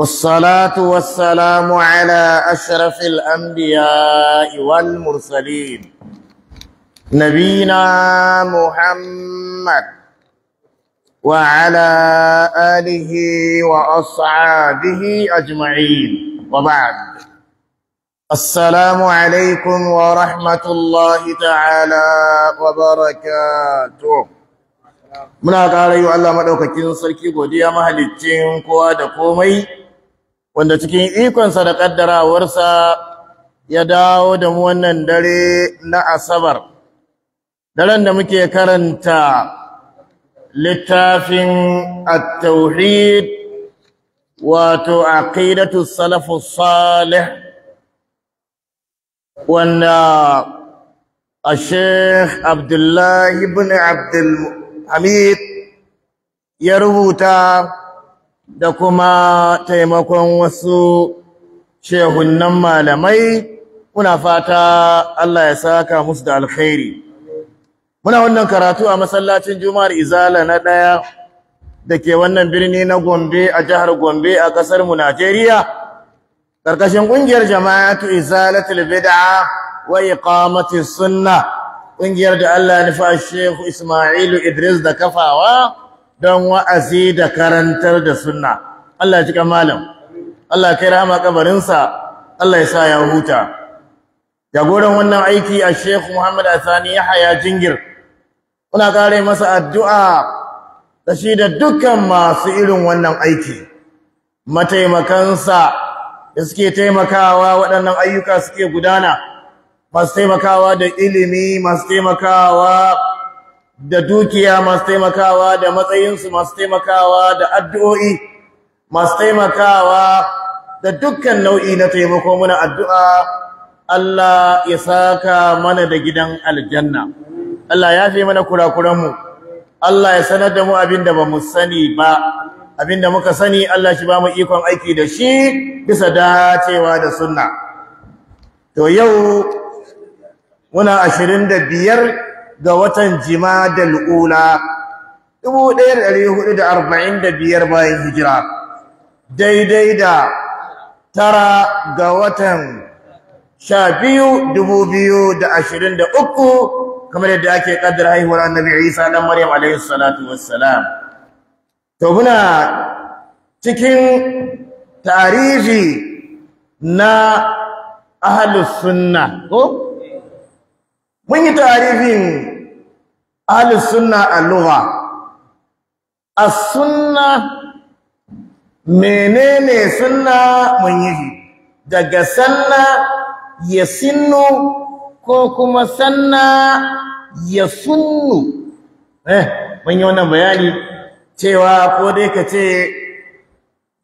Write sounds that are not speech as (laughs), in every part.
والصلاة والسلام على أشرف الأنبياء والمرسلين نبينا محمد وعلى آله وأصحابه أجمعين وبعد السلام عليكم ورحمة الله تعالى وبركاته muna ƙara yi wa Allah maɗaukakin sarki godiya mahaliccin kowa da komai wanda cikin ikonsa da ƙaddarawarsa ya dawo da mu wannan dare na asabar daren da muke karanta littafin at-tauhid wato aqidatu salafu salih wanda الشيخ عبد الله بن عبد الحميد يروتا da kuma taimakon wasu shehunan malamai muna fata Allah ya saka musu da alkhairi muna wannan karatu a masallacin Juma'ar Izala na daya dake wannan birni na Gombe a jihar Gombe a kasar mu Najeriya karkashin kungiyar jama'atu Izalatul Bid'a wa Iqamatis Sunnah kungiyar da Allah ya nufa Sheikh Isma'ilu Idris da kafawa don wa'azi da karantar da sunna Allah ji cika Allah kai rahama kabarinsa Allah ya sa ya huta jagoran wannan aiki a Sheikh Muhammad Asani Yahaya Jingir muna kare masa addu'a da shi da dukkan masu irin wannan aiki mataimakansa da suke taimakawa waɗannan ayyuka suke gudana masu taimakawa da ilimi masu taimakawa da dukiya masu taimakawa da matsayinsu masu taimakawa da addu'o'i masu taimakawa da dukkan nau'i na taimako muna addu'a Allah ya saka mana da gidan aljanna Allah ya fi mana kurakuranmu Allah ya sanar da mu abinda ba mu sani ba Abin da muka sani Allah shi ba mu ikon aiki da shi bisa dacewa da sunna to yau muna ashirin da biyar. ga watan jimadal ula 1445 bayan hijira daidai da tara ga watan sha biyu dubu biyu da ashirin da uku kamar yadda ake kaddar haihuwar annabi isa dan maryam alayhi salatu wassalam to muna cikin tarihi na ahlus sunna ko mun yi tarifin ahlus sunna a suna, sunna menene sunna mun yi daga sanna ya sinu ko kuma sanna ya sunnu eh mun yi wannan bayani cewa ko dai ka ce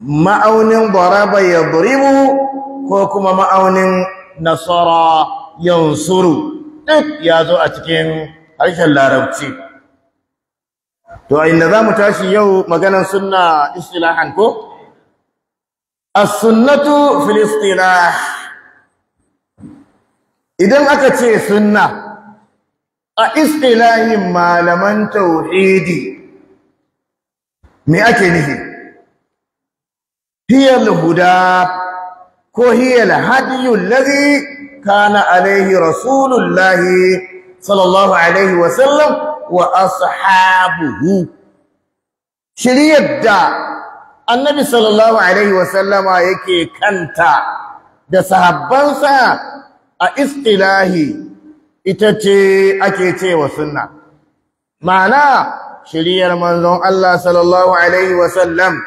ma'aunin baraba ya buribu ko kuma ma'aunin nasara yansuru duk ya zo a cikin harshen larabci to inda za mu tashi yau maganan sunna istilahan ko as-sunnatu Filistina. idan aka ce sunna a istilahin malaman tauhidi me ake nufi Hiyar da huda ko da haɗi hadiyu كان عليه رسول الله صلى الله عليه وسلم وأصحابه شريع الدا النبي صلى الله عليه وسلم يكي كانتا da sahabbansa a istilahi ita ce ake ce wa sunna ma'ana shiriyar manzon Allah sallallahu alaihi wasallam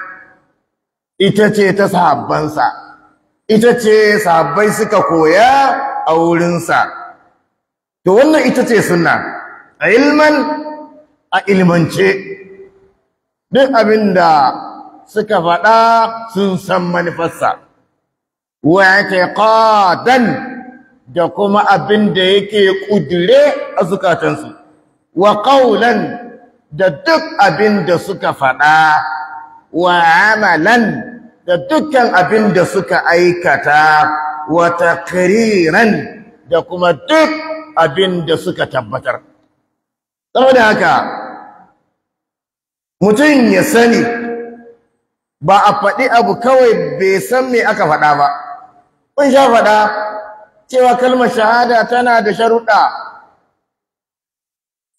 ita ce ta sahabbansa ita ce sahabbai suka koya a wurinsa to wannan ita ce sunna a ilman a ilmance duk abin da suka faɗa sun san manufarsa wa i'tiqadan da kuma abin da yake kudure a zukatansu wa qawlan da duk abin da suka faɗa wa amalan da dukkan abin da suka aikata wa taqriran da kuma duk abin da suka tabbatar saboda haka mutum ya sani ba a faɗi abu kawai bai san me aka faɗa ba kun sha faɗa cewa kalmar shahada tana da sharuɗa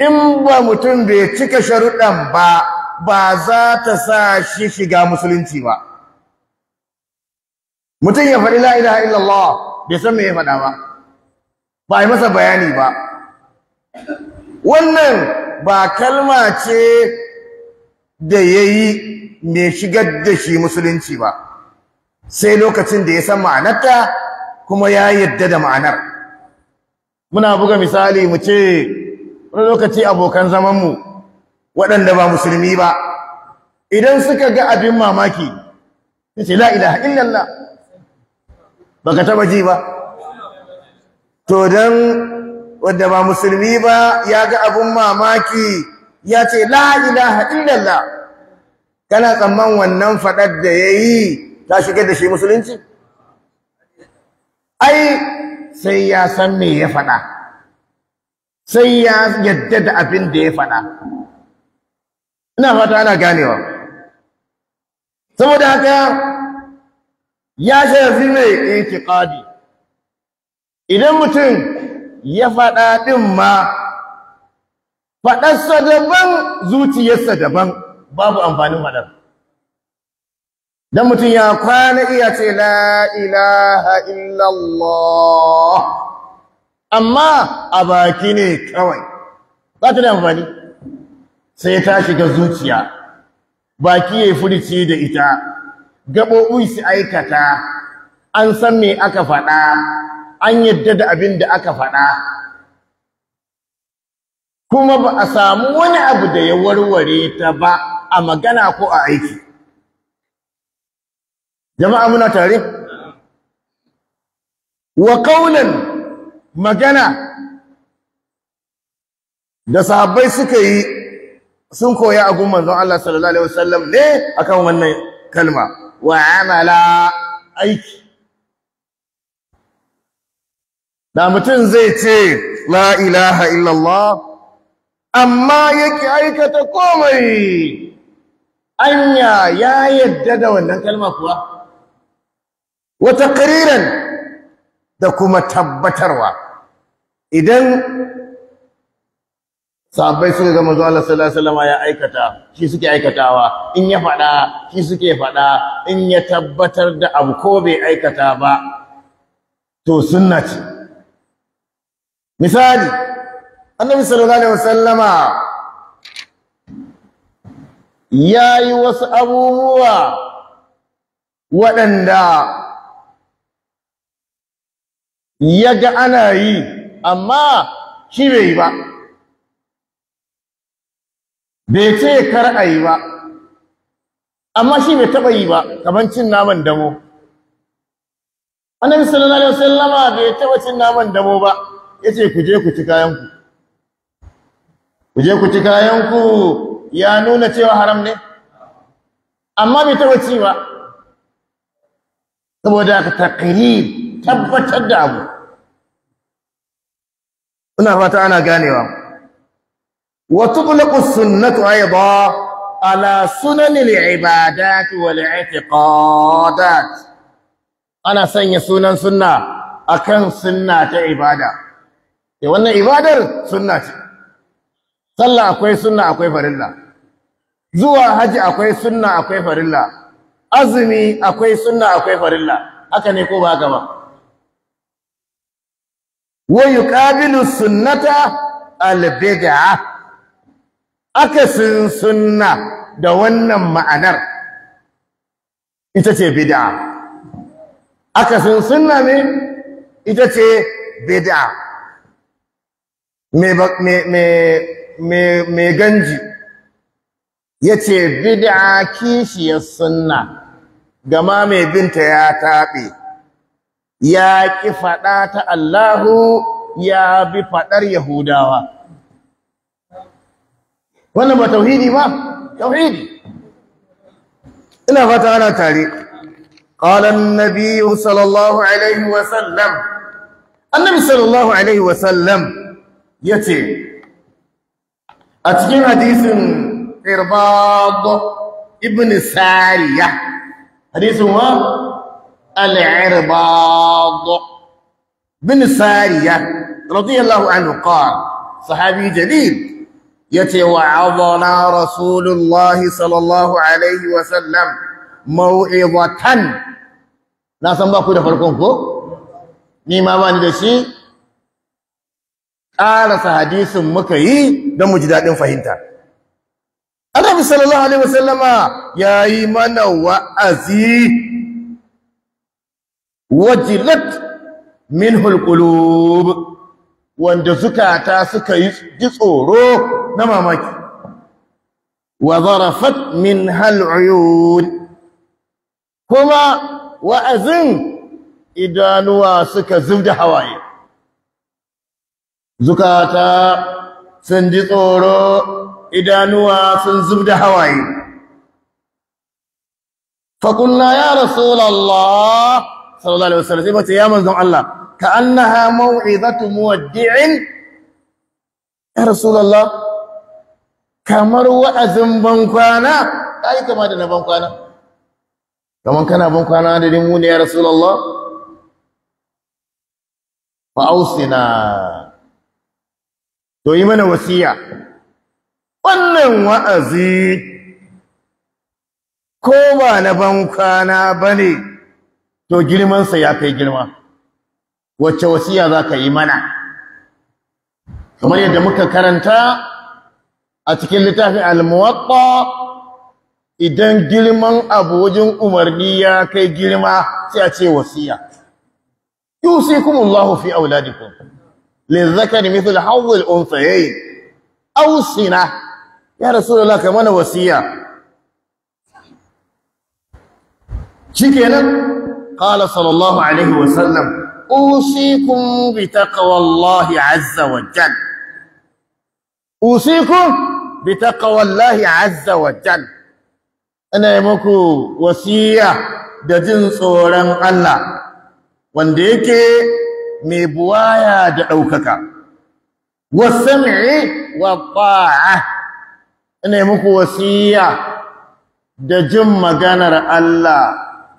in ba mutum bai cika sharuɗan ba ba za ta sa shi shiga musulunci ba mutum ya faɗi la ilaha illallah bai san me ya faɗa ba ba a yi masa bayani ba wannan ba kalma ce da ya yi mai shigar da shi musulunci ba sai lokacin da ya san ma'anarta kuma ya yadda da ma'anar muna buga misali mu ce wani lokaci abokan zamanmu waɗanda ba musulmi ba idan suka ga abin mamaki ta ce la ilaha illallah baka taba ji ba to dan wanda ba musulmi ba ya ga abun mamaki ya ce la ilaha illallah kana tsamman wannan fadar da yayi ta shigar da shi musulunci ai sai ya san me ya fada sai ya yadda da abin da ya fada ina fata ana ganewa saboda haka ya shafi mai itiqadi idan mutum ya faɗa ɗin ma faɗarsa daban zuciyarsa daban babu amfanin faɗar dan mutum ya kwana iya ce la ilaha illallah amma a baki ne kawai za ta da amfani sai ta shiga zuciya baki ya yi furuci da ita gaɓoɓin su aikata an san me aka faɗa an yadda da abin da aka faɗa kuma ba a samu wani abu da ya warware ta ba a magana ko a aiki jama'a muna tare wa kaunan magana da sahabbai suka yi sun koya a gun Allah sallallahu alaihi wasallam ne akan wannan kalma wa amala aiki da mutum zai ce la ilaha illallah amma yake aikata komai anya ya yadda da wannan kalma kuwa wa taqriran da kuma tabbatarwa idan sahabbai suka ga manzo Allah sallallahu alaihi wasallam ya aikata shi suke aikatawa in ya faɗa shi suke faɗa in ya tabbatar da abu ko bai aikata ba to sunna ce misali annabi sallallahu alaihi wasallama ya yi wasu abubuwa waɗanda ya ga ana yi amma shi bai yi ba bai ce kar a yi ba amma shi bai taɓa yi ba kamar cin naman dabo annabi sallallahu alaihi wasallam bai taɓa cin naman dabo ba yace ku je ku ci kayanku ku je ku ci kayanku ya nuna cewa haram ne amma bai taɓa ci ba saboda ka taqrir tabbatar da abu ina fata ana ganewa وتطلق السنة أيضا على سنن العبادات والاعتقادات أنا سنة سنة سنة أكن سنة عبادة وأن عبادة سنة صلى أكوي سنة أكوي فرلا زوى حج أكوي سنة أكوي فرلا أزمي أكوي سنة أكوي فرلا أكن يكون هكذا ويقابل السنة البدعة akasin sunna da wannan ma'anar ita ce bid'a akasin sunna ne ita ce bid'a me me me me ganji yace bid'a kishiyar sunna gama mai binta ya taɓe ya ƙi faɗa ta Allahu ya bi faɗar Yahudawa wannan ba tauhidi ba tauhidi ina fata ana قال النبي صلى الله عليه وسلم النبي صلى الله عليه وسلم يتي أتكين حديث إرباض ابن سارية حديث هو العرباض بن سارية رضي الله عنه قال صحابي جليل yace wa'adana rasulullahi sallallahu alaihi wa sallam mau'izatan na san ba ku da farkon ko ni ma ba ni da shi ƙarasa hadisin muka yi don mu ji daɗin fahimta annabi sallallahu alaihi wa sallama ya yi mana wa'azi wajilat minhu alqulub wanda zukata suka yi tsoro na mamaki wa zarafat min hal uyun kuma wa'azin idanuwa suka zubda hawaye zukata sun ji tsoro idanuwa sun zubda hawaye faƙulla ya rasulallah sallallahu alaihi wasallam sai mace ya manzon Allah كأنها موعظة مودع يا رسول الله kamar wa'azin bankwana ai kama da na bankwana kaman kana bankwana da dimu ne ya rasulullah fa ausina to yi mana wasiya wannan wa'azi ko ba na bankwana bane to girman sa ya kai girma wacce wasiya za ka yi mana kamar yadda muka karanta a cikin littafin almuwatta idan girman abu wajen umarni ya kai girma sai a ce wasiya yusikumullahu fi auladikum lizakari mithl hawz al-unthayayn aw sina ya rasulullah kamana wasiya shikenan qala sallallahu alaihi wasallam usikum bitaqwallahi azza wa jal usikum bitaqwallahi azza ana muku wasiya da jin tsoron Allah wanda yake mai buwaya da daukaka wasami wa ta'a ana muku wasiya da jin maganar Allah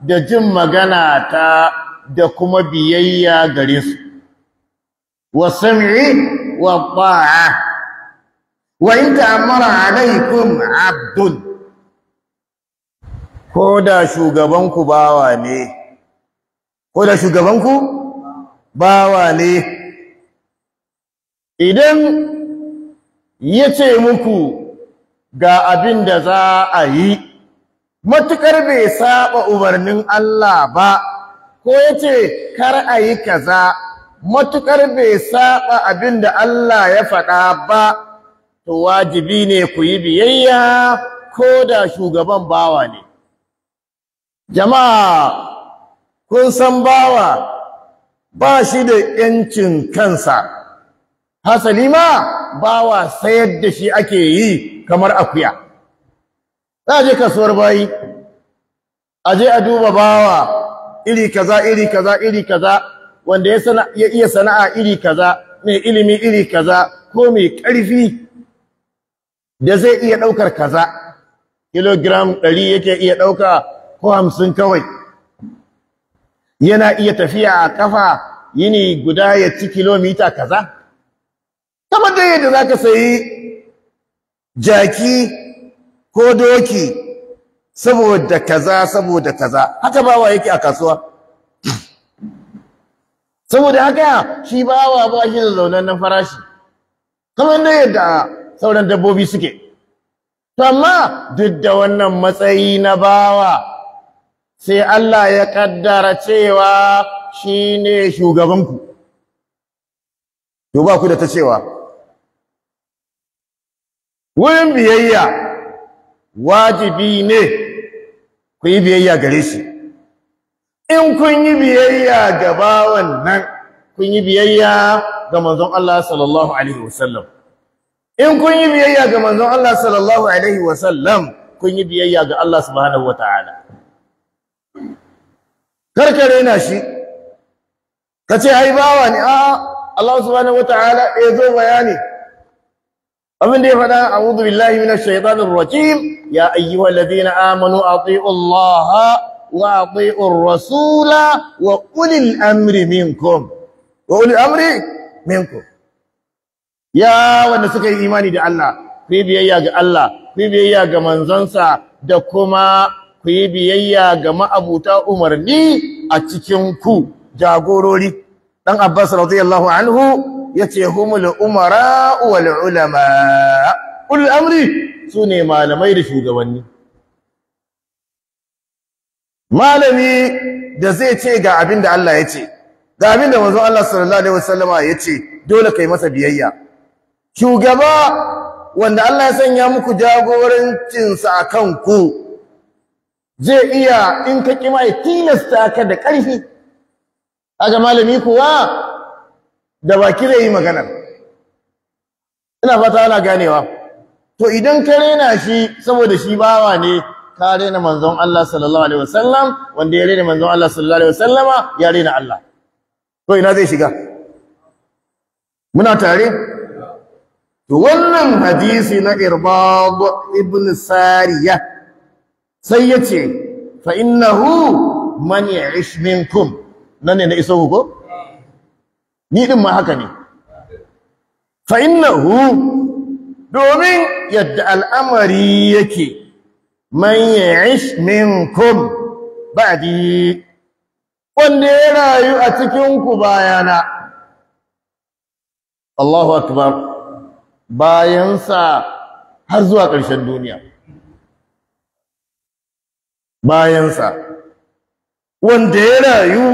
da jin magana ta da kuma biyayya gare su wa sam'i wa ta'a wa in ta'ammara alaikum abdun ko da shugabanku bawa ne ko da shugabanku bawa ne idan yace muku ga abin da za a yi matukar bai saba umarnin Allah ba ko ya ce, kar a yi kaza matuƙar bai saɓa abin da Allah ya faɗa ba to wajibi ne ku yi biyayya ko da shugaban bawa ne jama'a kun san bawa ba shi da yancin kansa hasali ma bawa sayar da shi ake yi kamar akuya za je kasuwar bayi a je a duba bawa iri kaza iri kaza iri kaza wanda ya sana ya iya sana'a iri kaza mai ilimi iri kaza ko mai karfi da zai iya ɗaukar kaza kilogram ɗari yake iya ɗauka ko hamsin kawai yana iya tafiya a kafa yini guda ya ci kilomita kaza kamar da yadda za ka sayi jaki ko doki saboda kaza saboda kaza haka bawa yake a kasuwa saboda haka shi bawa ba shi da nan farashi kamar da yadda sauran dabbobi suke to amma duk da wannan matsayi na bawa sai Allah ya kaddara cewa shine shugabanku to ba ku da ta cewa wurin biyayya wajibi ne ku yi biyayya gare shi in kun yi biyayya ga bawan nan kun yi biyayya ga manzon Allah sallallahu alaihi wasallam in kun yi biyayya ga manzon Allah sallallahu alaihi wasallam kun yi biyayya ga Allah subhanahu wataala karkare na shi kace ai bawa ne a Allah subhanahu wataala ya zo bayani abin da ya faɗa a'udhu billahi minash shaitanir rajim ya ayyuhalladhina amanu ati'u Allah wa ati'u rasula wa ulil amri minkum wa ulil amri minkum ya wanda suka yi imani da Allah ku yi biyayya ga Allah ku yi biyayya ga manzansa da kuma ku yi biyayya ga ma'abuta umarni a cikin ku jagorori dan Abbas radiyallahu anhu yace humul umara wal ulama amri sune malamai da shugabanni malami da zai ce ga abin da Allah ya ga abinda da Allah sallallahu alaihi wasallama ya dole kai masa biyayya shugaba wanda Allah ya sanya muku jagorancin sa akan ku zai iya in ka kima ya tilasta ka da ƙarfi ga malami kuwa da baki zai yi maganar ina fata ana ganewa to idan ka rena shi saboda shi bawa ne ka rena manzon Allah sallallahu alaihi wasallam wanda ya rena manzon Allah sallallahu alaihi wasallama ya rena Allah to ina zai shiga muna tare to wannan hadisi na Irbad ibn Sariya sai yace fa innahu man ya'ish minkum nan ne na iso ko ni din ma haka ne fa innahu domin yadda al'amari yake man ya'ish minkum ba'di wanda ya rayu a cikin ku bayana Allahu akbar bayansa har zuwa ƙarshen duniya bayansa wanda ya rayu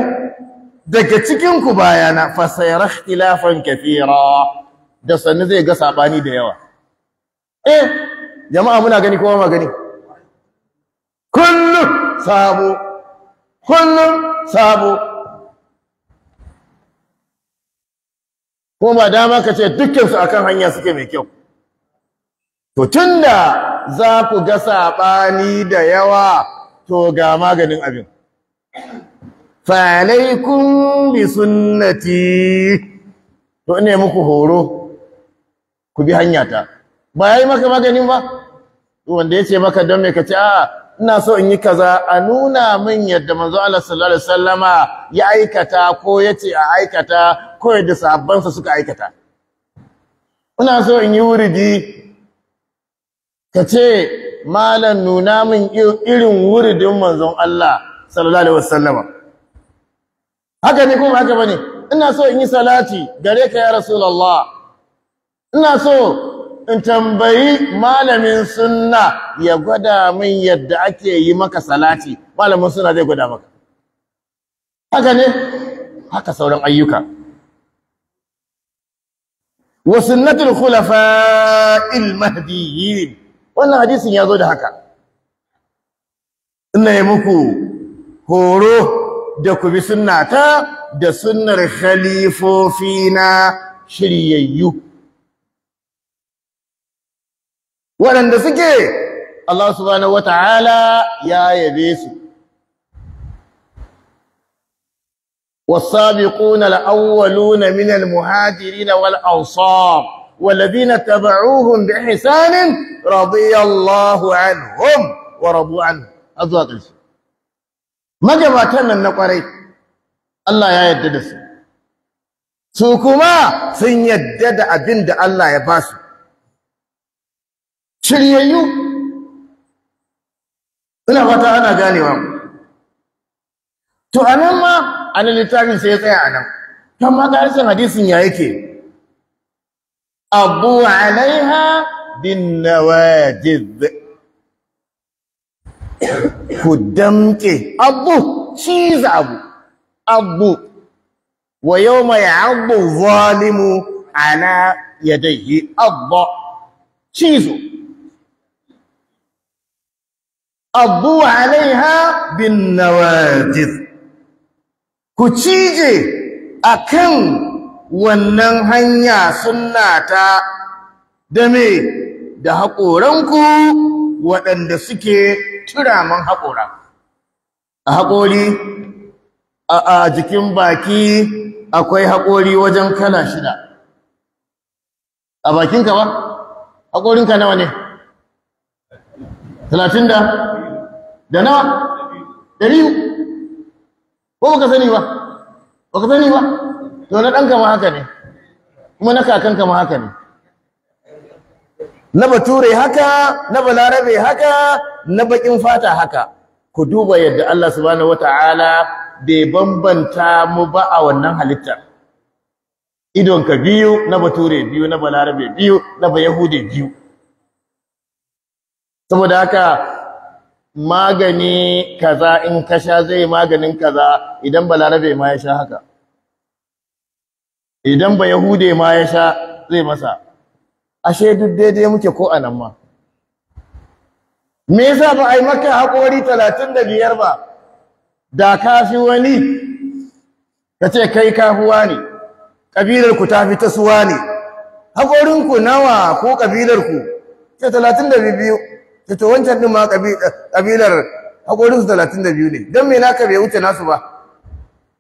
daga cikin ku bayana fa sayara ikhtilafan kathira da sanne zai ga sabani da yawa eh jama'a muna gani kowa magani kullu sabu sabo sabu sabo kuma dama ka ce dukkansu akan hanya suke mai kyau to tunda za ku ga saɓani da yawa to ga maganin abin falaikum bi sunnati to ne muku horo ku bi hanyata ba yayi maka maganin ba wanda yace maka don me kace a ina so in yi kaza a nuna min yadda manzo Allah sallallahu alaihi wasallama ya aikata ko yace a aikata ko yadda sahabbansa suka aikata ina so in yi wuridi kace malam nuna min irin wuridin manzon Allah sallallahu alaihi wasallama haka ne kuma haka bane ina so in yi salati gare ka ya rasulullah ina so in tambayi malamin sunna ya gwada min yadda ake yi maka salati malamin sunna zai gwada maka haka ne haka sauran ayyuka wa sunnatul khulafa'il mahdiyyin wannan hadisin ya zo da haka ina yi muku horo da ku bi sunnata da sunnar khalifofina shiryayyu waɗanda suke Allah subhanahu wata'ala ya yabe su والسابقون الأولون من المهاجرين والأوصار والذين تبعوهم بإحسان رضي الله عنهم ورضوا عنه أزواج magabatan nan na kwarai Allah ya yarda da su su kuma sun yarda da abin da Allah ya ba su shiryayyu ina fata ana ganewa to anan ma anan littafin sai ya tsaya anan kan ma ƙarshen hadisin ya yake abu alaiha bin nawajid ku damke abu ciza abu abu wa yawma abu zalimu ya yadayhi abu cizo abu alaiha bin nawajid ku cije a kan wannan hanya suna ta dame da haƙoranku waɗanda suke man haƙora a haƙori a jikin baki akwai haƙori wajen kala shida a bakinka ba haƙorinka nawa ne talatin da da nawa ɗari ko baka sani ba baka sani ba to na ɗanka ma haka ne kuma na kakanka ma haka ne na bature haka na balarabe haka na bakin fata haka ku duba yadda Allah subhanahu wataala bai bambanta mu ba a wannan halittar ka biyu na bature biyu na balarabe biyu na bayahude biyu saboda haka magani kaza in ka sha zai maganin kaza idan balarabe ma ya sha haka idan bayahude ma ya sha zai masa ashe duk daidai muke ko anan ma me yasa ba a yi maka haƙori talatin ba da kafi wani kace ce kai kafuwa ne ku ta fi suwa ne haƙorinku nawa ko ƙabilarku ce talatin to wancan din ma ƙabilar haƙorinsu talatin da biyu ne don me ka bai wuce nasu ba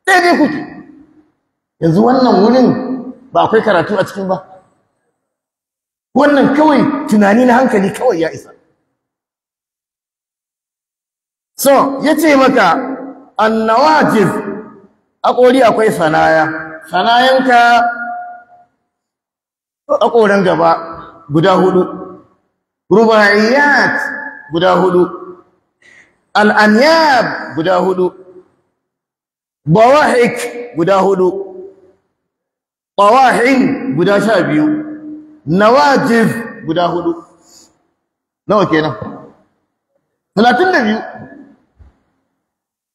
sai dai kuke yanzu wannan wurin ba akwai karatu a cikin ba wannan kawai tunani na hankali kawai ya isa so ya ce maka annawajiz akori akwai sanaya sanayanka akoran gaba guda hudu rubaiyat guda hudu al'anyab guda hudu bawahik guda hudu ɓawahin guda sha biyu nawajif guda hudu nawa kenan talatin da biyu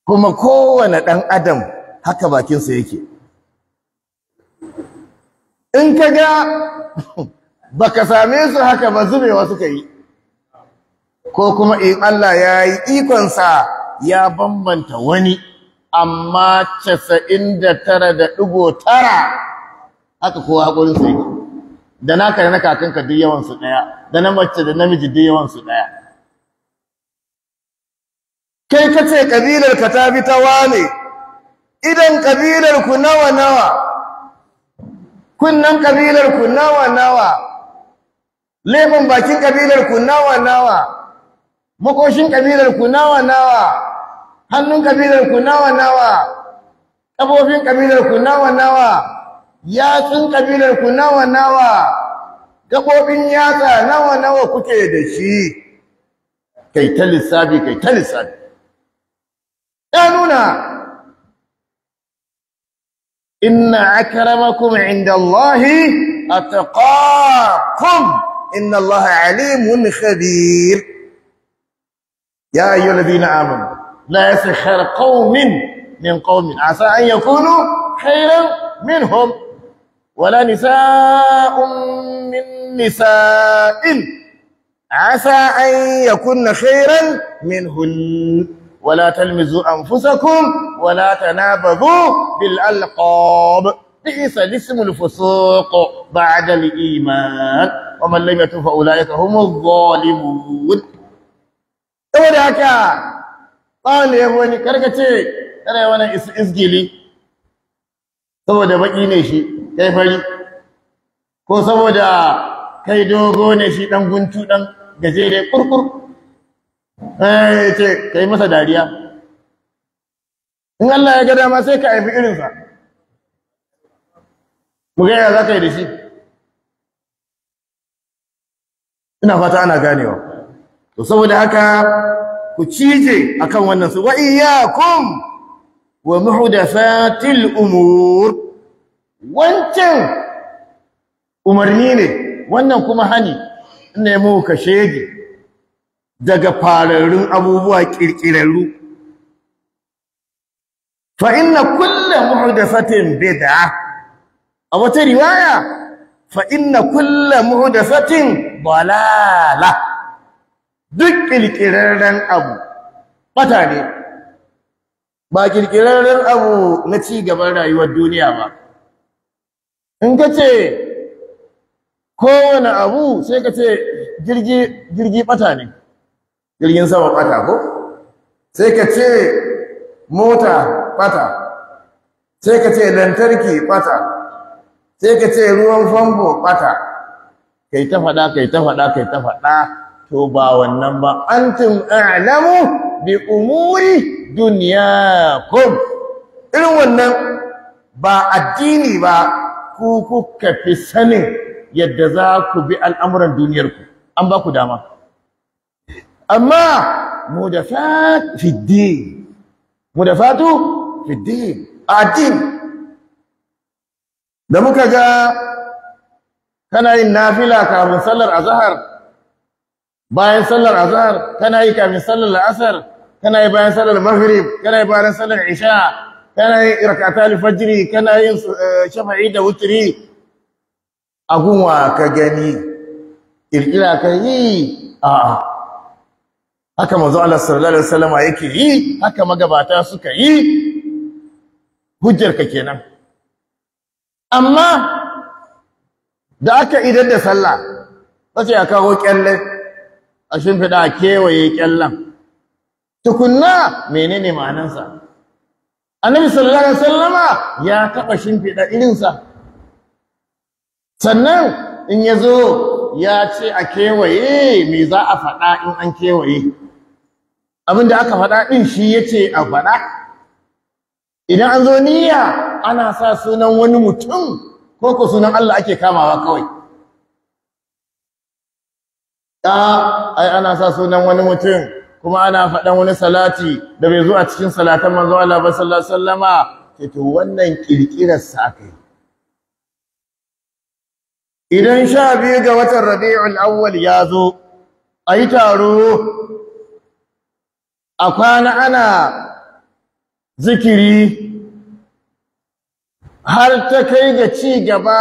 kuma kowane ɗan adam haka bakinsa yake in ka ga (laughs) baka same su haka ba zubewa suka yi ko kuma in Allah ya yi ikonsa ya bambanta wani amma casa'in da tara da ɗigo tara haka kowa haƙurinsa yake da na da na kakanka duk yawansu ɗaya da na mace da namiji duk yawansu ɗaya kai ka ce ƙabilarka ka ta bi ta wane idan ƙabilar ku nawa nawa kunnan ƙabilar ku nawa nawa laifin bakin ƙabilar ku nawa nawa makoshin ƙabilar ku nawa nawa hannun ƙabilar ku nawa nawa ƙafofin ƙabilar ku nawa nawa yatsun ƙabilar ku nawa nawa gaɓoɓin yatsa nawa nawa kuke da shi kai ta lissafi kai ta lissafi أننا إن أكرمكم عند الله أتقاكم إن الله عليم خبير يا أيها الذين آمنوا لا يسخر قوم من قوم عسى أن يكونوا خيرا منهم ولا نساء من نساء عسى أن يكون خيرا منهن ولا تلمزوا أنفسكم ولا تنابذوا بالألقاب بئس الاسم الفسوق بعد الإيمان ومن لم يتوب فأولئك هم الظالمون saboda haka tsawon wani karkace tana wani isgili saboda baki ne shi kai fari ko saboda kai dogo ne shi dan guntu dan gajere kurkur eh ce yi masa dariya in Allah ya ga dama sai ka haifi irinsa mu ga ya za ka yi da shi ina fata ana ganewa to saboda haka ku cije akan wannan su wa iyyakum wa muhdathatil umur wancan umarni ne wannan kuma hani ina yi muka shege daga fararrun abubuwa kirkirarru fa inna kullu muhdathatin bid'ah a wata riwaya fa inna kullu muhdathatin dalala duk kirkirarren abu bata ne ba kirkirarren abu na ci gaban rayuwar duniya ba in ka kace kowane abu sai kace jirgi jirgi bata ne jirgin sama bata ko sai ka ce mota bata sai ka ce lantarki bata sai ka ce ruwan famfo bata kai ta faɗa kai ta faɗa kai ta faɗa to ba wannan ba antum a'lamu bi umuri dunyakum irin wannan ba addini ba ku kuka fi sanin yadda za ku bi al'amuran duniyarku an ba ku dama أما مدفات في الدين مدفات في الدين da muka ga kana yin nafila kafin sallar azhar bayan sallar azhar kana yi kafin sallar asar kana yi bayan sallar maghrib kana yi bayan sallar isha kana yi rak'atul fajr kana yin eh, shafa'i da wutri agunwa ka gani ƙirƙira ka yi a'a haka manzo Allah sallallahu alaihi wasallam yake yi haka magabata suka yi hujjar ka kenan amma da aka idar da sallah sai ya kawo kyalle a shimfida a kewaye kyallan tukunna menene ma'anansa annabi sallallahu alaihi wasallama ya taɓa shimfida irinsa sannan in ya zo ya ce a kewaye me za a faɗa in an kewaye abin da aka faɗa ɗin shi ya ce a faɗa idan an zo niyya ana sa sunan wani mutum ko ko sunan Allah ake kamawa kawai ai ana sa sunan wani mutum kuma ana faɗan wani salati da bai zo a cikin salatan manzo Allah ba sallallahu alaihi wasallama to wannan kirkirar sa kai idan sha biyu ga watan rabi'ul awwal ya zo a yi taro a kwana ana zikiri har ta kai ga ci gaba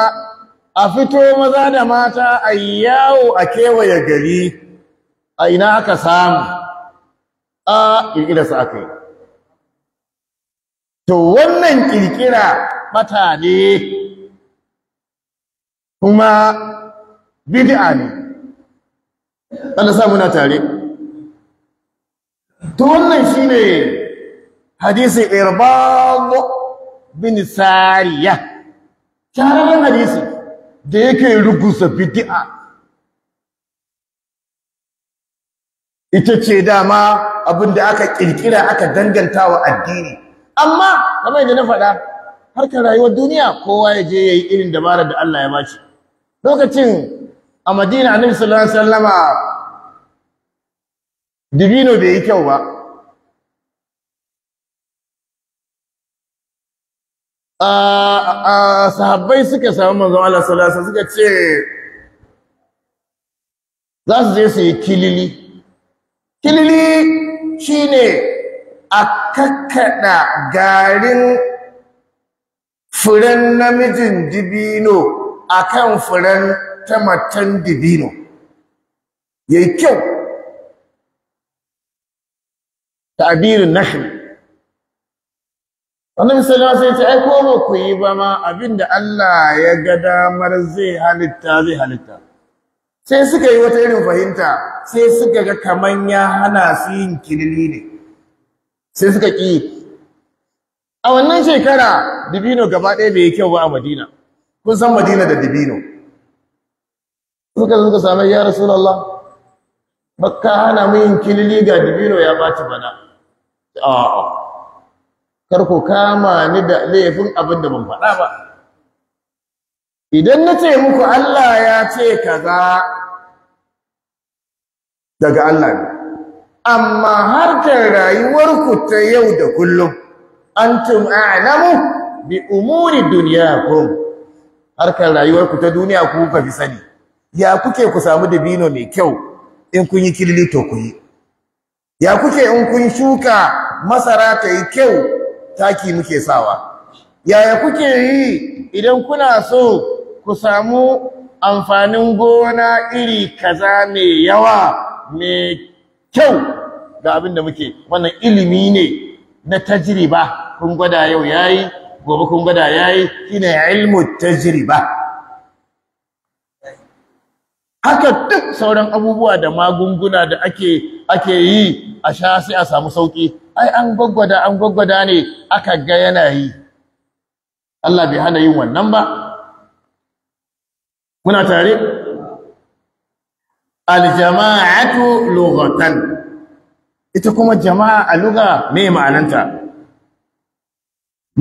a fito maza da mata a yawo a kewaye gari a ina aka samu a su aka yi to wannan ƙirƙira mata ne kuma bidi'a ne Allah sa muna tare to wannan shine hadisi irbad bin sariya tararen hadisi da yake rubuta bidi'a. ita ce dama abinda aka kirkira aka danganta wa addini amma kamar yadda na faɗa harkar rayuwar duniya kowa ya je yayi irin dabarar da Allah ya bashi lokacin a madina annabi sallallahu alaihi wasallama dibino bai yi kyau ba a sahabbai suka samu manzon Allah sallallahu alaihi suka ce za su je su yi kilili kilili shine a kakkaɗa garin furen namijin dibino akan furen tamatan Ya yi kyau ta'birin nahl Annabi sallallahu alaihi wasallam ai ko ku yi ba ma abinda Allah ya ga damar zai halitta zai halitta. Sai suka yi wata irin fahimta, sai suka ga kaman ya hana su yin kilili ne. Sai suka ƙi. A wannan shekara Dibino gaba ɗaya bai yi kyau ba a Madina. kun san madina da dabino suka suka same ya rasulullah bakka hana mu yin kilili ga dabino ya baci bana a'a kar ku kama ni da laifin abin da ban faɗa ba idan na ce muku Allah ya ce kaza daga Allah ne amma harkar rayuwarku ta yau da kullum antum a'lamu bi umuri dunyakum harkar rayuwarku ta duniya ku kuka fi sani ya kuke ku samu dabino mai kyau in kun yi kirli to ku yi ya kuke in kun shuka masara ta yi kyau taki muke sawa yaya kuke yi idan kuna so ku samu amfanin gona iri kaza mai yawa mai kyau ga abin da muke wannan ilimi ne na tajiriba? kun gwada yau yayi gobe kun gwada yayi shine ilmu ba. haka duk sauran abubuwa da magunguna da ake ake yi a sha sai a samu sauki ai an gwaggwada an gwaggwada ne aka ga yana yi Allah bai hana yin wannan ba Muna tare aljama'atu lughatan ita kuma jama'a a lugha me ma'ananta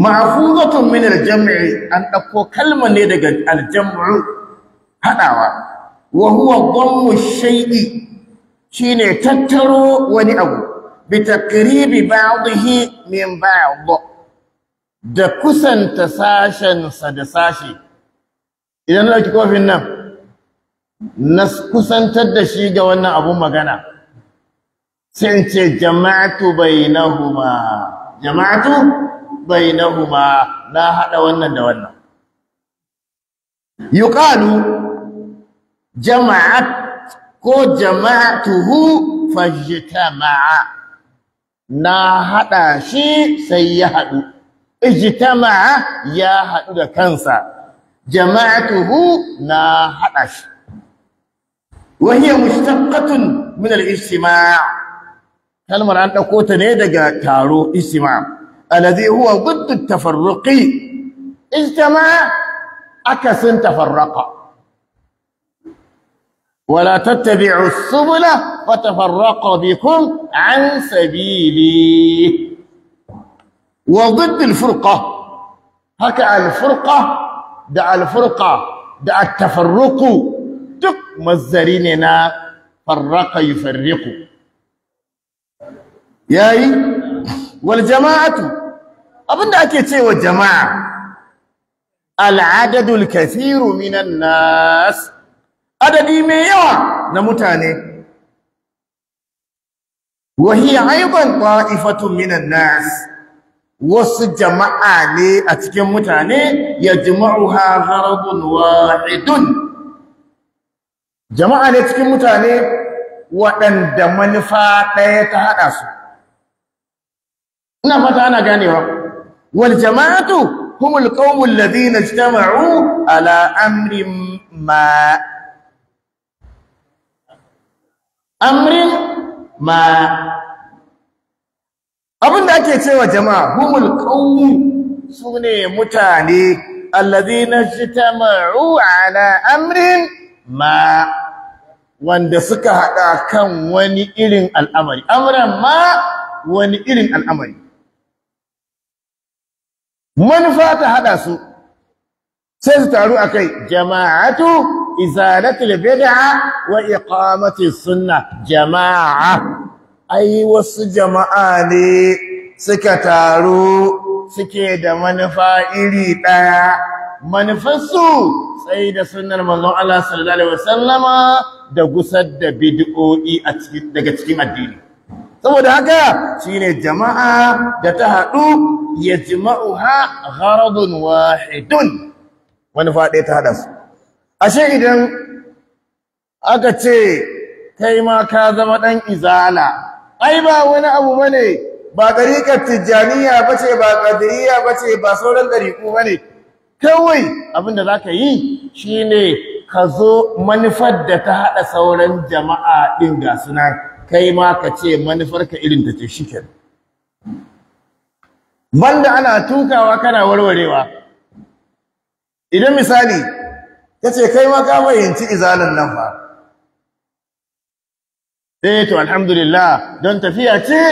mahfuzatun min al-jam'i an dauko kalma ne daga al-jam'u hadawa wa huwa dhammu shay'i shine tattaro wani abu bi taqribi ba'dihi min ba'd da kusanta sashen sa da sashi idan na ki kofin nan na kusantar da shi ga wannan abun magana sai in ce jama'atu bainahuma jama'atu bainahuma na hada wannan da wannan yuqalu jama'at ko jama'atuhu fajtama'a na hada shi sai ya hadu ijtama'a ya hadu da kansa jama'atuhu na hada shi وهي مشتقة من الاجتماع kalmar an ɗauko ta ne daga taro istima الذي هو ضد التفرق اجتمع عكس تفرق ولا تتبعوا السبل فتفرق بكم عن سبيلي وضد الفرقة هكا الفرقة دع الفرقة دع التفرق دق مزريننا فرق يفرق ياي والجماعة abinda ake cewa jama'a al'adadul kathiru minan nas adadi mai yawa na mutane wa hiya aidan ta'ifatun minan nas wasu jama'a ne a cikin mutane ya jima'uha gharadun wahidun jama'a ne cikin mutane waɗanda manufa ɗaya ta haɗa su ina fata ana ganewa wal jama'atu humul qaumul ladina ijtama'u ala amrin ma amrin ma abin da ake cewa jama'a humul qaum sune mutane alladhina ijtama'u ala amrin ma wanda suka haɗa kan wani irin al'amari amran ma wani irin al'amari manufa ta hada su sai su taru akai jama'atu izalatul bid'a wa iqamati sunna jama'a ai wasu jama'a ne suka taru suke da manufa iri daya manufansu sai da sunnar manzon Allah sallallahu alaihi wasallama da gusar da bid'o'i a cikin daga cikin addini saboda haka shine jama'a da ta haɗu ya yajma'uha gharadun wahidun wani faɗe ta haɗa su ashe idan aka ce kai ma ka zama ɗan izala ai ba wani abu bane ba ɗariƙar tijjaniya ba ce ba ƙadiriya ba ce ba sauran ɗariƙu bane ne kawai abinda za ka yi shine ka zo manufar da ta haɗa sauran jama'a ɗin ga sunan kai ma ka ce manufarka irin ta ce shikin banda ana tukawa kana warwarewa idan misali kace kai ma ka fahimci izalan nan fa eh to alhamdulillah don tafiya ce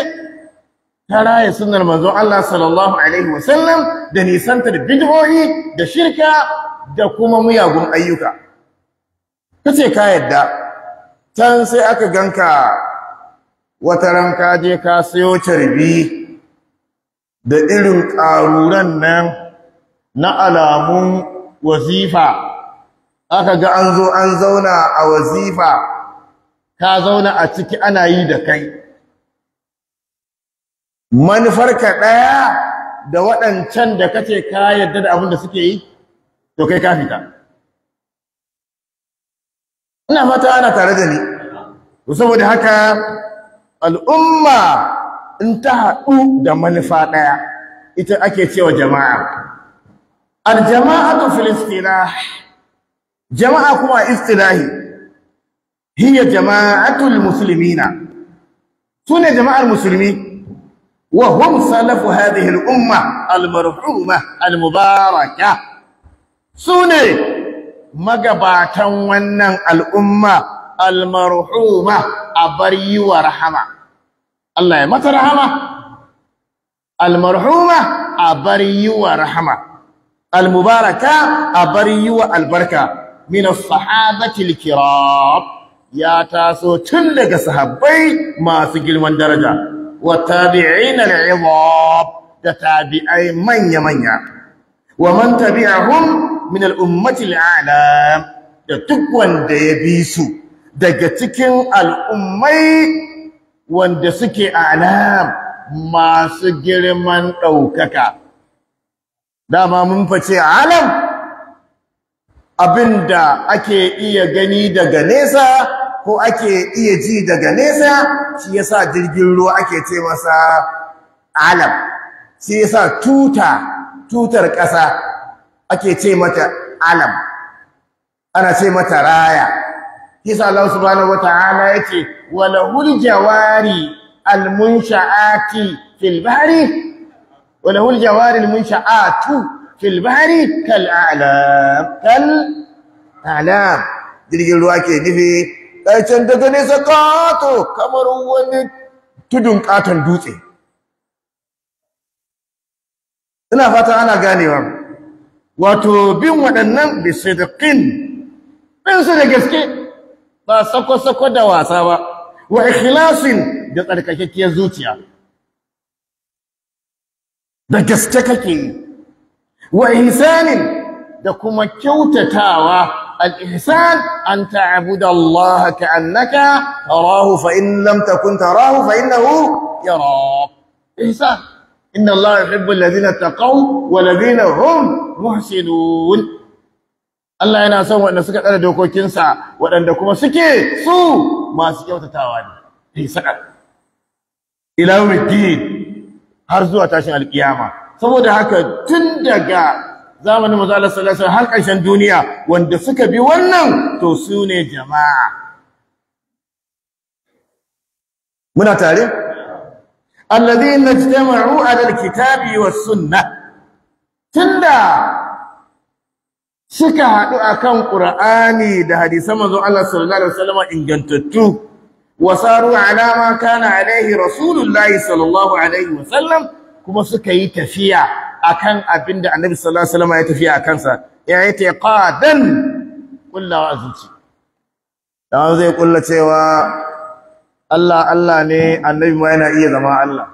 ta raya sunnar manzon Allah sallallahu alaihi wasallam da nisantar bid'o'i da shirka da kuma muyagun ayyuka kace ka yadda Tan sai aka ganka wata ran ka je ka sayo carbi da irin ƙaruran nan na alamun wazifa aka ga an zo an zauna a wazifa ka zauna a ciki ana yi da kai manufarka ɗaya da waɗancan da kace ka yarda da abin da suke yi to kai ka fita ina fata ana tare da ni saboda haka al'umma in ta haɗu da manufa ɗaya ita ake cewa jama'a aljama'atu filistina jama'a kuma istilahi hiya jama'atul muslimina sune jama'ar musulmi wa hum salafu hadhihi al-umma al-marhuma al-mubaraka sune magabatan wannan al'umma almarhuma a bar yi wa rahama Allah ya mata rahama almarhuma a bar yi wa rahama almubaraka a bar yi wa albarka min as-sahabati kiram ya taso tun daga sahabbai masu girman daraja wa tabi'in al da tabi'ai manya manya wa man tabi'ahum min al-ummati al-'ala da duk wanda ya bi su daga cikin al'ummai wanda suke alam masu girman ɗaukaka dama mun face alam abinda ake iya gani daga nesa ko ake iya ji daga nesa shi yasa jirgin ruwa ake ce masa alam shi yasa tuta tutar ƙasa ake ce mata alam ana ce mata raya yasa Allah subhanahu wataala yace walahul jawari almunsha'ati fil bahri walahul jawari almunsha'atu fil bahri kal a'lam kal a'lam jirgin ruwa ke nufi ƙarshen daga nesa kato kamar wani tudun katon dutse ina fata ana ganewa wato bin waɗannan bisidqin bin su da gaske ba sako-sako da wasa ba wa ikhlasin da tsarkakakkiyar zuciya da gaske kake yi wa ihsanin da kuma kyautatawa al-ihsan an ta'budu Allah annaka? tarahu fa in lam takun tarahu fa innahu yarak ihsan inna Allah yuhibbu alladhina taqaw wa alladhina hum muhsinun Allah yana son waɗanda suka tsare dokokinsa waɗanda kuma suke su masu kyautatawa ne fi saka ila yawmiddin har zuwa tashin alkiyama saboda haka tun daga zamanin manzo Allah sallallahu alaihi har ƙarshen duniya wanda suka bi wannan to su ne jama'a muna tare alladhina ijtama'u ala alkitabi was sunnah tunda suka haɗu a kan Qur'ani da hadisan manzon Allah sallallahu alaihi wasallam ingantattu wasaru ala kana alaihi rasulullahi sallallahu alaihi wasallam kuma suka yi tafiya a akan abinda annabi sallallahu alaihi wasallam ya tafiya akan sa ya yi taqadan kullawa azuci dan zai ƙulla cewa Allah Allah ne annabi ma yana iya zama Allah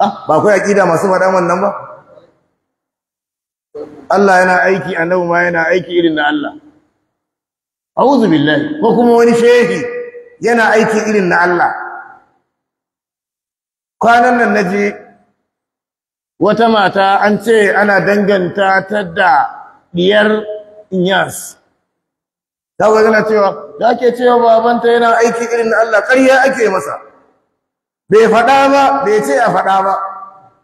ah ba kai akida masu faɗan wannan ba Allah yana aiki annabi ma yana aiki irin na Allah a'udhu billahi ko kuma wani shehi yana aiki irin na Allah kwanan nan naje wata mata an ce ana danganta ta da diyar Inyas ta gana cewa da ake cewa babanta yana aiki irin na Allah ƙarya ake masa bai faɗa ba bai ce a faɗa ba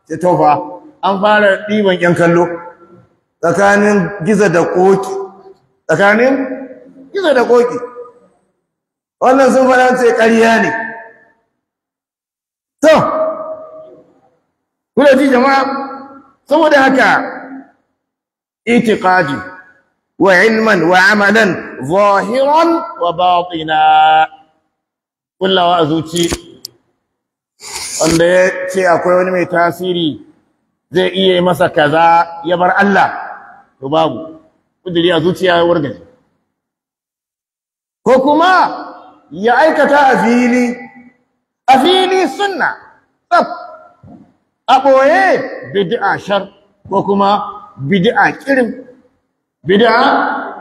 ce tofa an fara ɗiban yan kallo tsakanin gizo da koki tsakanin giza da koki wannan sun faɗa ce ƙarya ne to kuna ji jama'a saboda haka itiqadi wa ilman wa amalan zahiran wa batina kullawa a zuci wanda ya ce akwai wani mai tasiri zai iya masa kaza ya bar Allah to babu kudiri a zuciya ya wargaji. ko kuma ya aikata a fili a fili sunna a ɓoye bid'a shar ko kuma bid'a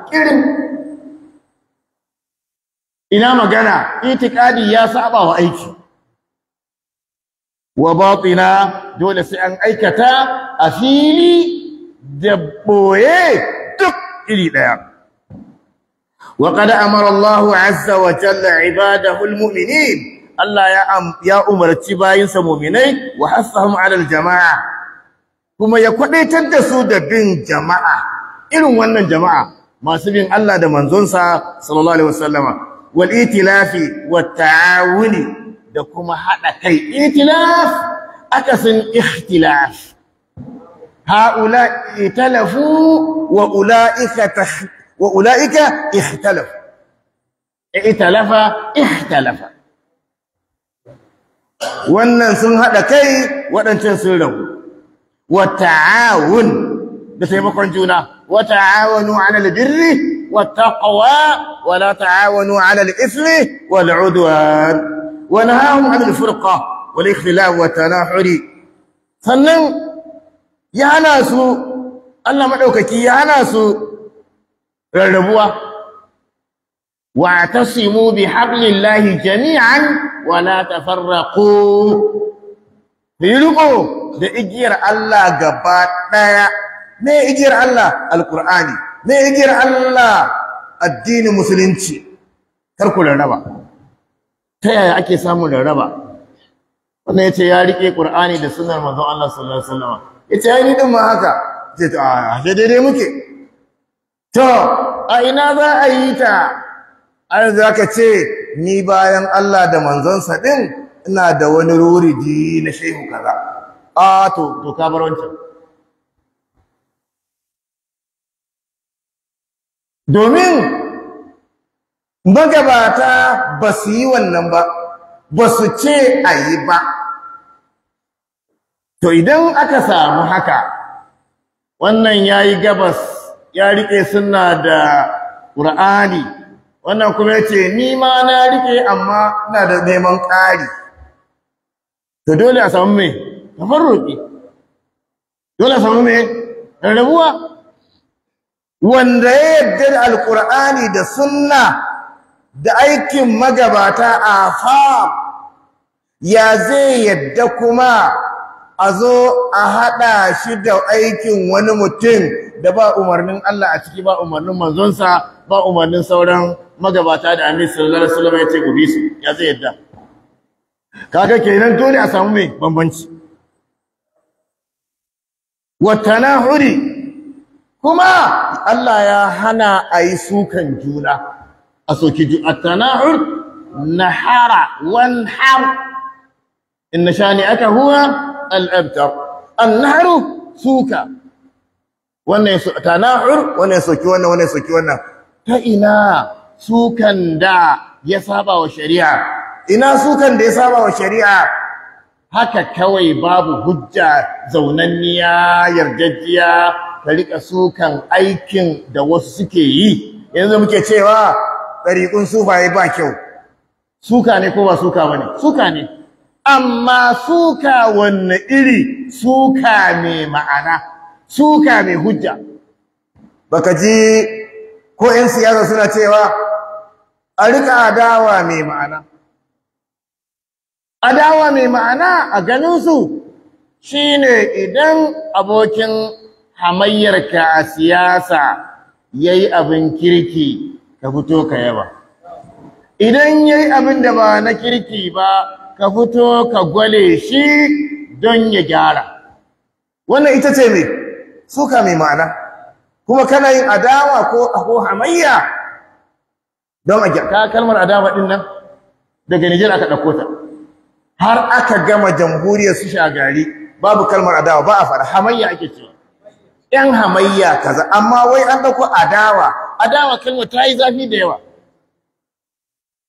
kirim ina magana itikadi ya saba wa aiki wa batina dole sai an aikata a fili da boye duk iri ɗaya. wa Amarallahu amara Allah azza wa jalla Allah ya umarci bayinsa mu'minai wa hasahum jama'a, kuma ya kwadaitar da su da bin jama'a irin wannan jama'a masu bin Allah da manzonsa sallallahu alaihi wasallama wal itilafi wa ta'awuni da kuma haɗa kai itilaf akasin ikhtilaf هؤلاء ائتلفوا وأولئك تخ... وأولئك اختلفوا ائتلف اختلف wannan sun hada kai wadancan sun rabu wa ta'awun da taimakon juna wa ta'awanu 'ala al-birri wat taqwa wa la ta'awanu 'ala al-ithmi wal 'udwan wa nahahum 'ala al-furqa wal ikhtilaf wa tanahuri sannan ya hana su Allah maɗaukaki ya hana su rarrabuwa wa tasimu bi hablillahi jami'an wa la tafarraqu riko da igiyar Allah gaba daya me igiyar Allah alqur'ani me igiyar Allah addinin musulunci kar ku rarraba ta yaya ake samun rarraba wannan yace ya rike qur'ani da sunnar manzon Allah sallallahu alaihi wasallam ita yi ni din ma haka sai ta a daidai muke to a ina za a yi ta an za ka ce ni bayan Allah da manzonsa ɗin, ina da wani ruridi na shehu kaza a to to ka bar domin magabata ba su yi wannan ba ba su ce a yi ba to idan aka samu haka wannan yayi gabas ya rike sunna da qur'ani wannan kuma yace ni ma na rike amma ina da neman ƙari to dole a samu me tafarruqi dole a samu me rabuwa wanda ya yadda da da sunna da aikin magabata a ya zai yadda kuma a zo a haɗa shi da aikin wani mutum da ba umarnin Allah a ciki ba umarnin manzonsa ba umarnin sauran magabata da annabi sallallahu alaihi wasallam ya ce su ya zai yadda kaga kenan dole a samu mai bambanci wa tanahuri kuma Allah ya hana a yi sukan juna a soki juna tanahur nahara wanhar inna aka huwa al'abtar annaharu suka wannan ya soki tanahur wannan ya soki wannan wannan ya soki wannan ta ina sukan da ya saba wa shari'a ina sukan da ya saba wa shari'a haka kawai babu hujja zaunanniya yarjajjiya ta rika sukan aikin da wasu suke yi yanzu muke cewa ɗariƙun sufaye ba kyau suka ne ko ba suka ne? suka ne amma suka wanne iri suka mai ma'ana suka mai hujja baka ji ko in siyasa suna cewa a rika adawa mai ma'ana adawa mai ma'ana a ganinsu shine idan abokin hamayyarka a siyasa ya yi abin kirki ka fito ka yaba idan ya yi abin da ba na kirki ba ka fito ka gwale shi don ya gyara wannan ita ce mai suka mai ma'ana kuma kana yin adawa ko ko hamayya don a gyara. ka kalmar adawa din nan daga Nijar aka ɗauko ta har aka gama jamhuriyar su shagari babu kalmar adawa ba a fara hamayya ake cewa yan hamayya kaza amma wai an ɗauko adawa adawa kalmar ta yi zafi da yawa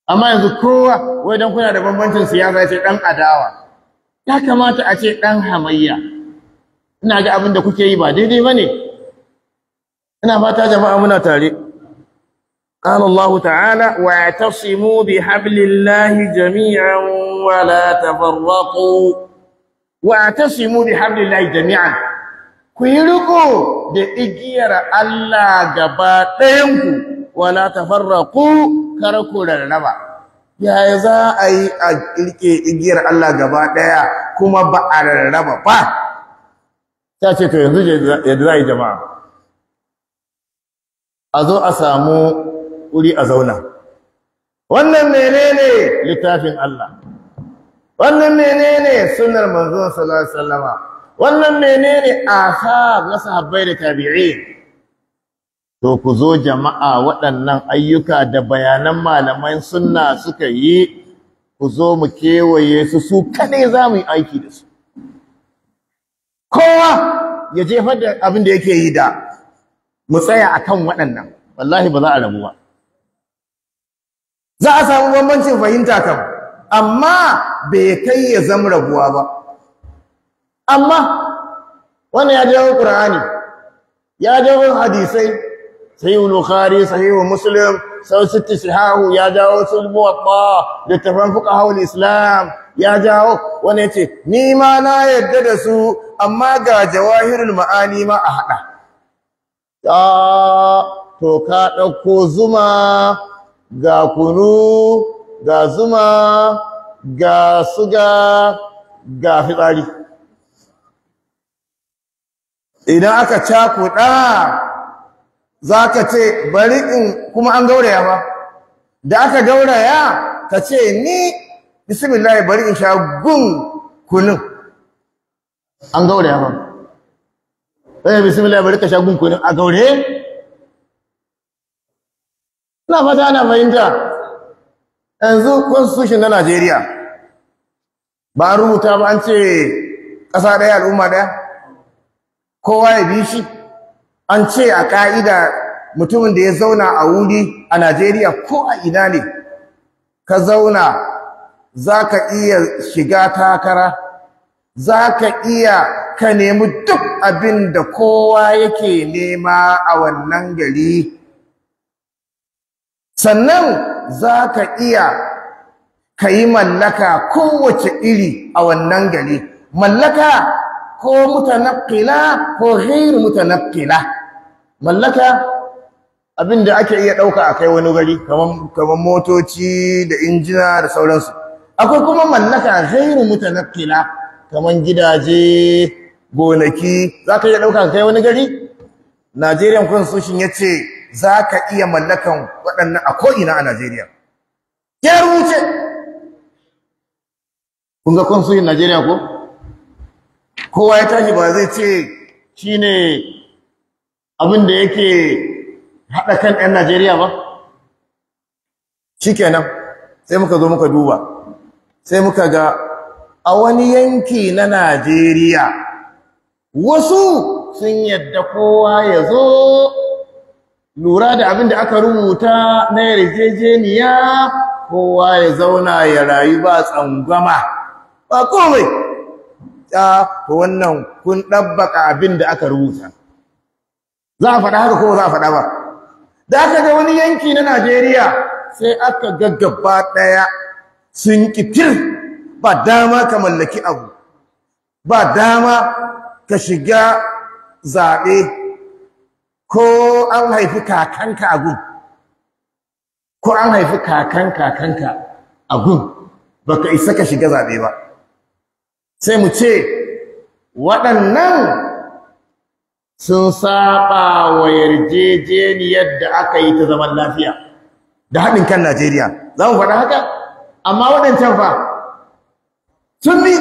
amma yanzu kowa wai dan kuna da bambancin siyasa ce dan adawa ya kamata a ce dan hamayya ina ga abin da kuke yi ba daidai bane ina fata jama'a muna tare قال الله تعالى واعتصموا بحبل الله جميعا ولا تفرقوا واعتصموا بحبل الله جميعا كيرقوا بإجير الله قبا ولا تفرقوا kar ku rarraba yaya za a yi a kirke igiyar Allah gaba ɗaya kuma ba a rarraba ba ta ce to yanzu yadda za a yi jama'a a zo a samu wuri a zauna wannan menene littafin Allah wannan menene sunar manzon sallallahu alaihi wasallama wannan menene asar na sahabbai da tabi'in To ku zo jama'a waɗannan ayyuka da bayanan malamai sunna suka yi, ku zo mu kewaye su su kaɗai za mu yi aiki da su. Kowa ya jefar da abin da yake yi da mu tsaya a kan waɗannan, wallahi ba za a rabu ba. Za a samu bambancin fahimta kan, amma bai kai ya zama rabuwa ba. Amma, wannan ya jawo Ƙur'ani, ya jawo hadisai, sai bukhari sahihu muslim sau sitti sahahu ya jawo su muwatta da tafan fuqahaul islam ya jawo wani yace ni ma na yadda da su amma ga jawahirul ma'ani ma a hada ta to ka dauko zuma ga kunu ga zuma ga suga ga fitsari idan aka cakuɗa za ka ce bari in kuma an gauraya ba da aka gauraya ka ce ni bismillah bari in sha gun kunin an gauraya ba eh bismillah bari ka sha gun kunin a gaure ina fata ana fahimta yanzu constitution na Najeriya ba rubuta ba an ce ƙasa ɗaya al'umma ɗaya kowa ya bi shi an ce a ka'ida mutumin da ya zauna a wuri a Najeriya ko a ina ne ka zauna zaka iya shiga takara zaka iya ka nemi duk abin da kowa yake nema a wannan gari sannan zaka iya ka yi mallaka kowace iri a wannan gari mallaka ko mutanaqqila ko ghairu mutanaqqila mallaka abin da ake iya ɗauka a kai wani gari kamar motoci da injina da sauransu akwai kuma mallaka zairu mutanakkila kamar gidaje gonaki za ka iya ɗauka a kai wani gari Nigerian Constitution ya ce za ka iya mallakan waɗannan a ko'ina a Najeriya ya rubuce kun ga Constitution Najeriya ko kowa ya tashi ba zai ce shine abin da yake haɗa kan ɗan Najeriya ba shikenan sai muka zo muka duba sai muka ga a wani yanki na Najeriya wasu sun yadda kowa ya zo lura da abin da aka rubuta na yarjejeniya kowa ya zauna ya rayu ba tsangwama ba komai ta wannan kun ɗabbaka abin da aka rubuta za a faɗa haka ko za a faɗa ba da aka ga wani yanki na Najeriya sai aka ga gaba ɗaya sun kitir ba dama ka mallaki abu ba dama ka shiga zaɓe ko an haifi kakanka a gun ko an haifi kakan kakanka a gun baka isa ka shiga zaɓe ba sai mu ce waɗannan sun saba wa yarjejeniyar da aka yi ta zaman lafiya da haɗin kan Najeriya za mu faɗa haka amma waɗancan fa sun bi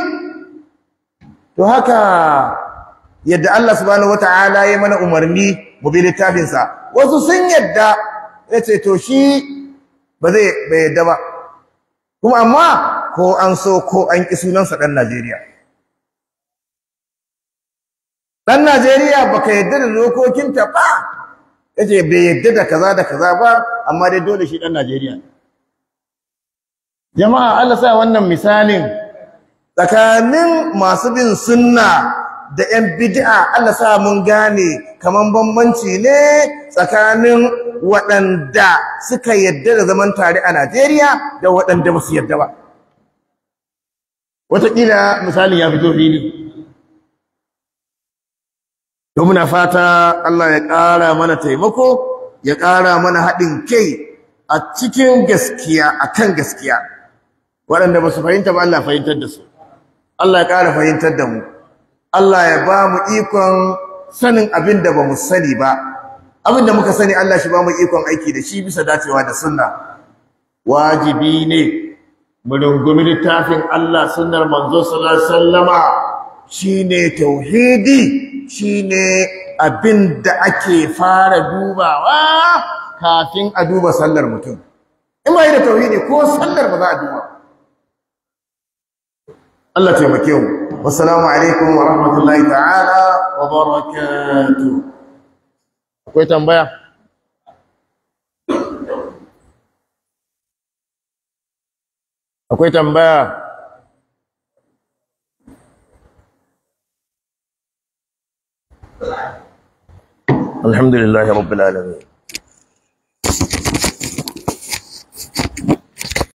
to haka yadda Allah subhanahu wata'ala ya mana umarni mu bi littafinsa wasu sun yadda ya ce to shi ba zai bai yadda ba kuma amma ko an so ko an ƙi sunansa ɗan Najeriya dan Najeriya baka yadda da ta ba yace bai yadda da kaza da kaza ba amma dai dole shi dan Najeriya jama'a Allah sa wannan misalin tsakanin masu bin sunna da yan bid'a Allah sa mun gane kaman bambanci ne tsakanin waɗanda suka yadda da zaman tare a Najeriya da waɗanda ba su yadda ba wataƙila misalin ya fito fili don muna fata Allah ya ƙara mana taimako ya ƙara mana haɗin kai a cikin gaskiya a kan gaskiya waɗanda ba su fahimta ba Allah fahimtar da su Allah ya ƙara fahimtar da mu Allah ya ba mu ikon sanin abin da ba mu sani ba abin da muka sani Allah shi ba mu ikon aiki da shi bisa dacewa da sunna wajibi ne mu rungumi littafin Allah sunnar manzo sallallahu alaihi wasallama shine tauhidi shine abin da ake fara dubawa kafin a duba sallar mutum in ba da tauhidi ko sallar ba za a duba Allah taimake mu wassalamu alaikum wa rahmatullahi ta'ala wa barakatuh akwai tambaya akwai tambaya الحمد لله رب العالمين